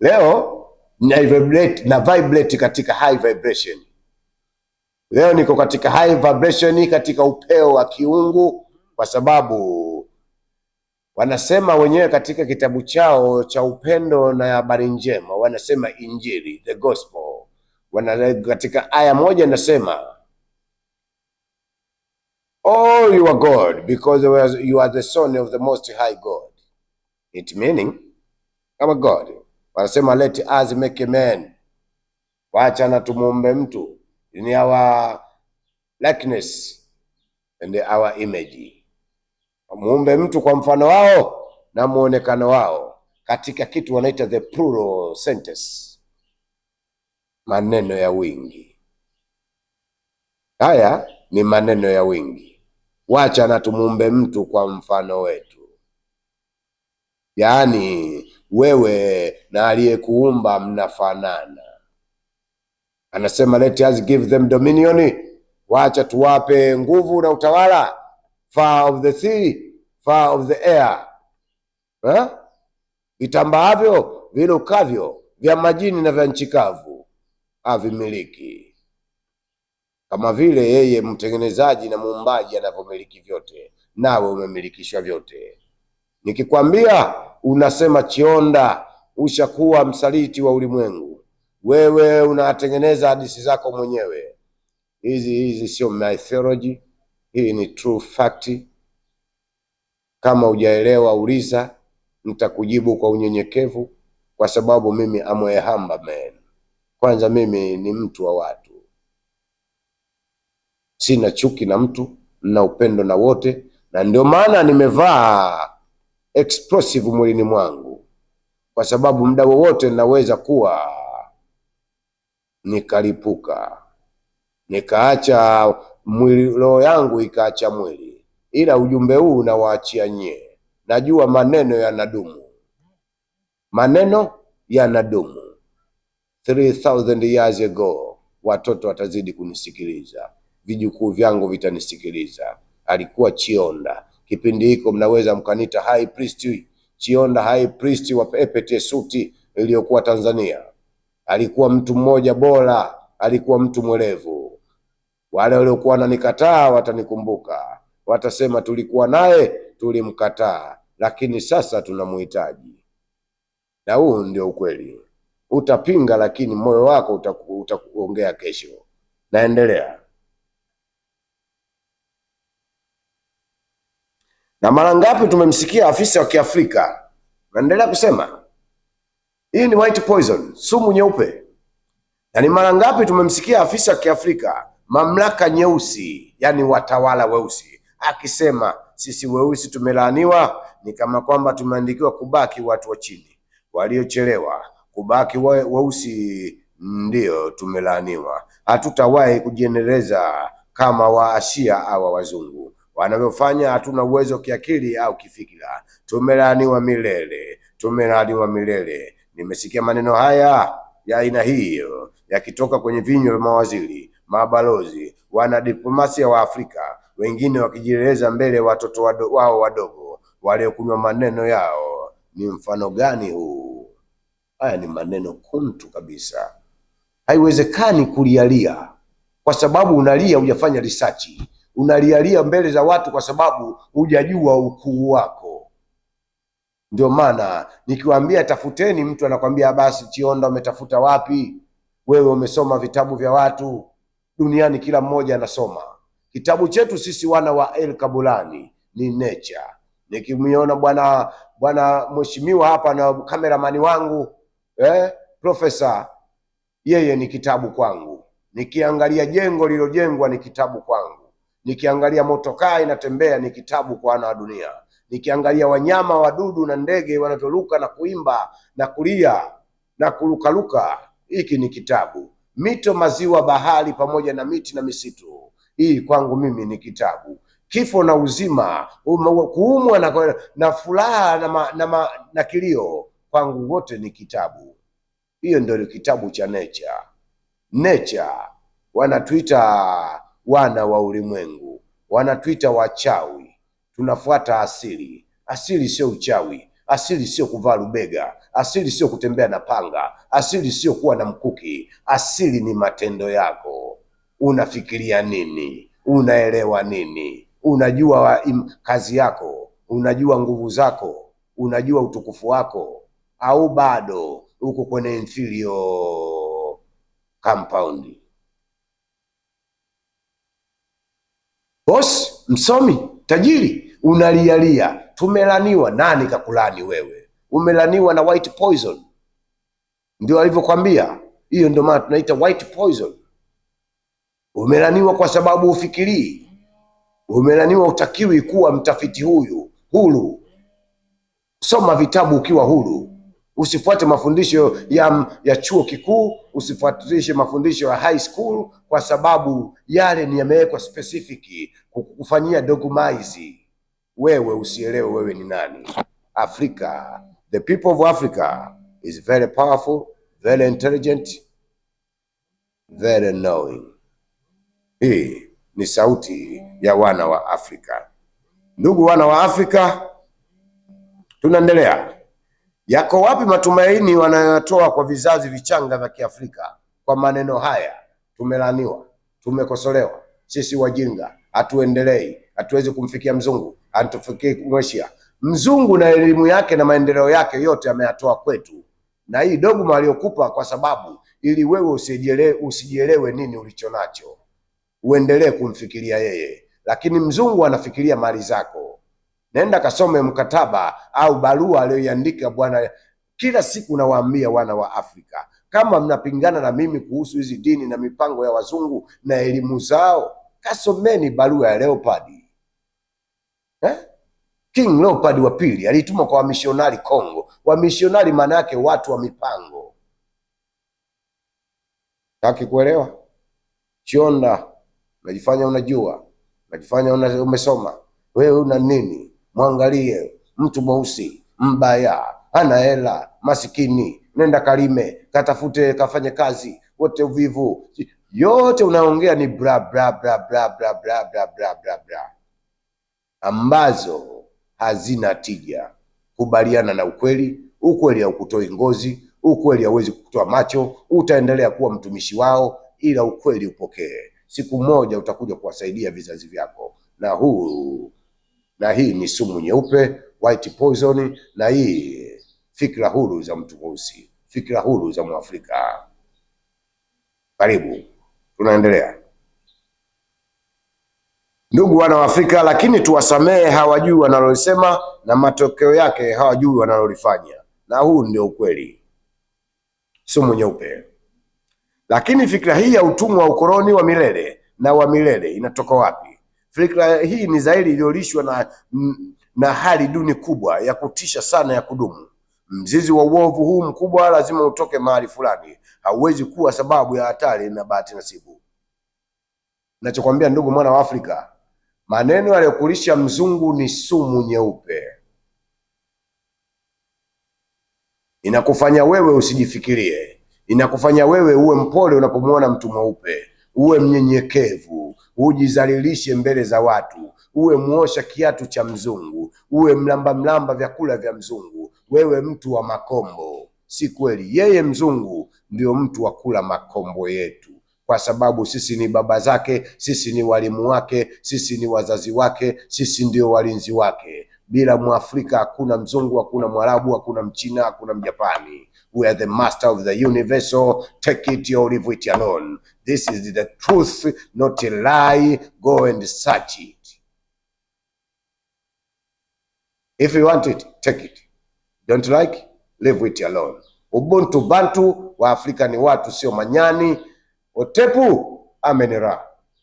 Leo na vibrate, na vibrate katika high vibration. Leo niko katika high vibration katika upeo wa kiungu, kwa sababu wanasema wenyewe katika kitabu chao cha upendo na habari njema, wanasema Injili, the gospel wana, katika aya moja inasema Oh, you are God because you are the son of the most high God. It meaning, our God wanasema let us make a man, wacha na tumuumbe mtu in our likeness and our image, muumbe mtu kwa mfano wao na muonekano wao, katika kitu wanaita the plural sentence, maneno ya wingi. Haya ni maneno ya wingi, wacha na tumuumbe mtu kwa mfano wetu yaani wewe na aliyekuumba mnafanana. Anasema let us give them dominion, wacha tuwape nguvu na utawala, far of the sea, far of the air, vitambaavyo vilukavyo, vya majini na vya nchi kavu avimiliki, kama vile yeye mtengenezaji na muumbaji anavyomiliki vyote, nawe umemilikishwa vyote. Nikikwambia unasema Chionda, ushakuwa msaliti wa ulimwengu. Wewe unatengeneza hadithi zako mwenyewe. Hizi hizi sio mythology, hii ni true fact. Kama hujaelewa uliza, nitakujibu kwa unyenyekevu, kwa sababu mimi am a humble man. Kwanza mimi ni mtu wa watu, sina chuki na mtu na upendo na wote, na ndio maana nimevaa explosive mwilini mwangu, kwa sababu muda wowote ninaweza kuwa nikalipuka, nikaacha mwili, roho yangu ikaacha mwili, ila ujumbe huu nawaachia nyie. Najua maneno yanadumu, maneno yanadumu. 3000 years ago, watoto watazidi kunisikiliza, vijukuu vyangu vitanisikiliza. Alikuwa Chionda. Kipindi hiko mnaweza mkanita high priest Chionda, high priest wa pepete suti iliyokuwa Tanzania. Alikuwa mtu mmoja bora, alikuwa mtu mwelevu. Wale waliokuwa wananikataa watanikumbuka, watasema tulikuwa naye tulimkataa, lakini sasa tunamhitaji. Na huu ndio ukweli. Utapinga, lakini moyo wako utakuongea kesho. Naendelea. Na mara ngapi tumemsikia afisa wa Kiafrika naendelea kusema hii ni white poison, sumu nyeupe. Na ni mara ngapi tumemsikia afisa wa Kiafrika, mamlaka nyeusi, yani watawala weusi, akisema sisi weusi tumelaaniwa, ni kama kwamba tumeandikiwa kubaki watu wa chini, waliochelewa kubaki we, weusi ndio tumelaaniwa, hatutawahi kujiendeleza kama waasia awa wazungu wanavyofanya hatuna uwezo kiakili au kifikira. Tumelaaniwa milele, tumelaaniwa milele. Nimesikia maneno haya ya aina hiyo yakitoka kwenye vinywa vya mawaziri, mabalozi, wanadiplomasia wa Afrika, wengine wakijieleza mbele ya watoto wado, wao wadogo waliokunywa maneno yao. Ni mfano gani huu? Haya ni maneno kuntu kabisa. Haiwezekani kulialia kwa sababu unalia hujafanya risachi unalialia mbele za watu kwa sababu hujajua ukuu wako. Ndio maana nikiwaambia tafuteni mtu anakwambia basi Chionda, umetafuta wapi wewe? Umesoma vitabu vya watu duniani, kila mmoja anasoma kitabu chetu sisi wana wa El Kabulani ni Nature. Nikimiona bwana bwana mheshimiwa hapa na kameramani wangu eh, profesa, yeye ni kitabu kwangu. Nikiangalia jengo lililojengwa ni kitabu kwangu Nikiangalia motokaa inatembea ni kitabu kwa wana wa dunia. Nikiangalia wanyama, wadudu na ndege wanavyoruka na kuimba na kulia na kurukaruka, hiki ni kitabu. Mito, maziwa, bahari pamoja na miti na misitu, hii kwangu mimi ni kitabu. Kifo na uzima, kuumwa na, na furaha na, ma, na, ma, na kilio, kwangu wote ni kitabu. Hiyo ndio kitabu cha nature. Nature wanatuita wana wa ulimwengu, wanatwita wachawi. Tunafuata asili. Asili sio uchawi. Asili sio kuvaa rubega. Asili sio kutembea na panga. Asili sio kuwa na mkuki. Asili ni matendo yako. Unafikiria nini? Unaelewa nini? Unajua kazi yako? Unajua nguvu zako? Unajua utukufu wako? Au bado uko kwenye inferior compound? bosi, msomi, tajiri, unalialia tumelaniwa. Nani kakulani wewe? Umelaniwa na white poison, ndio alivyokwambia. Hiyo ndio maana tunaita white poison. Umelaniwa kwa sababu ufikirii, umelaniwa utakiwi kuwa mtafiti huyu huru. Soma vitabu ukiwa huru. Usifuate mafundisho ya, ya chuo kikuu, usifuatishe mafundisho ya high school, kwa sababu yale ni yamewekwa specific kukufanyia dogmaizi wewe usielewe wewe ni nani. Africa, the people of Africa is very powerful, very intelligent, very knowing. Hii ni sauti ya wana wa Afrika. Ndugu wana wa Afrika, tunaendelea yako wapi matumaini wanayotoa kwa vizazi vichanga vya Kiafrika kwa maneno haya? Tumelaniwa, tumekosolewa, sisi wajinga, hatuendelei, hatuwezi kumfikia mzungu, hatufikii kumweshia mzungu. Na elimu yake na maendeleo yake yote ameyatoa kwetu, na hii dogma aliyokupa kwa sababu ili wewe usijielewe, usijielewe nini ulicho nacho, uendelee kumfikiria yeye, lakini mzungu anafikiria mali zako. Naenda kasome mkataba au barua aliyoiandika Bwana. Kila siku nawaambia wana wa Afrika, kama mnapingana na mimi kuhusu hizi dini na mipango ya wazungu na elimu zao, kasomeni barua ya Leopard eh? King Leopard wa pili aliituma kwa wamisionari Kongo. Wamishonari maana yake watu wa mipango. Taki kuelewa chionda, unajifanya unajua, unajifanya umesoma, wewe una nini? Mwangalie mtu mweusi mbaya, ana hela, masikini, nenda kalime, katafute, kafanye kazi, wote uvivu, yote unaongea ni bra bra bra bra bra bra bra bra bra bra ambazo hazina tija. Kubaliana na ukweli. Ukweli haukutoi ngozi, ukweli hauwezi kutoa macho. Utaendelea kuwa mtumishi wao, ila ukweli upokee. Siku moja utakuja kuwasaidia vizazi vyako, na huu na hii ni sumu nyeupe white poison, na hii fikra huru za mtu mweusi, fikra huru za Mwafrika. Karibu, tunaendelea ndugu wana wa Afrika, lakini tuwasamehe, hawajui wanalolisema na matokeo yake hawajui wanalolifanya, na huu ndio ukweli, sumu nyeupe. Lakini fikra hii ya utumwa wa ukoloni wa milele na wa milele inatoka wapi? Fikra hii ni zaidi iliyolishwa na, na hali duni kubwa ya kutisha sana ya kudumu. Mzizi wa uovu huu mkubwa lazima utoke mahali fulani, hauwezi kuwa sababu ya hatari na bahati nasibu. Nachokwambia ndugu mwana wa Afrika, maneno aliyokulisha mzungu ni sumu nyeupe, inakufanya wewe usijifikirie, inakufanya wewe uwe mpole unapomwona mtu mweupe uwe mnyenyekevu, ujizalilishe mbele za watu, uwe mwosha kiatu cha mzungu, uwe mlamba mlamba vyakula vya mzungu, wewe mtu wa makombo. Si kweli, yeye mzungu ndio mtu wa kula makombo yetu, kwa sababu sisi ni baba zake, sisi ni walimu wake, sisi ni wazazi wake, sisi ndio walinzi wake. Bila Mwafrika hakuna mzungu, hakuna Mwarabu, hakuna Mchina, hakuna Mjapani. we are the master of the universe, so take it or leave it alone. This is the truth, not a lie. Go and search it. If you want it, take it. Don't like, leave it alone. Ubuntu bantu wa Afrika ni watu sio manyani. Otepu amenera.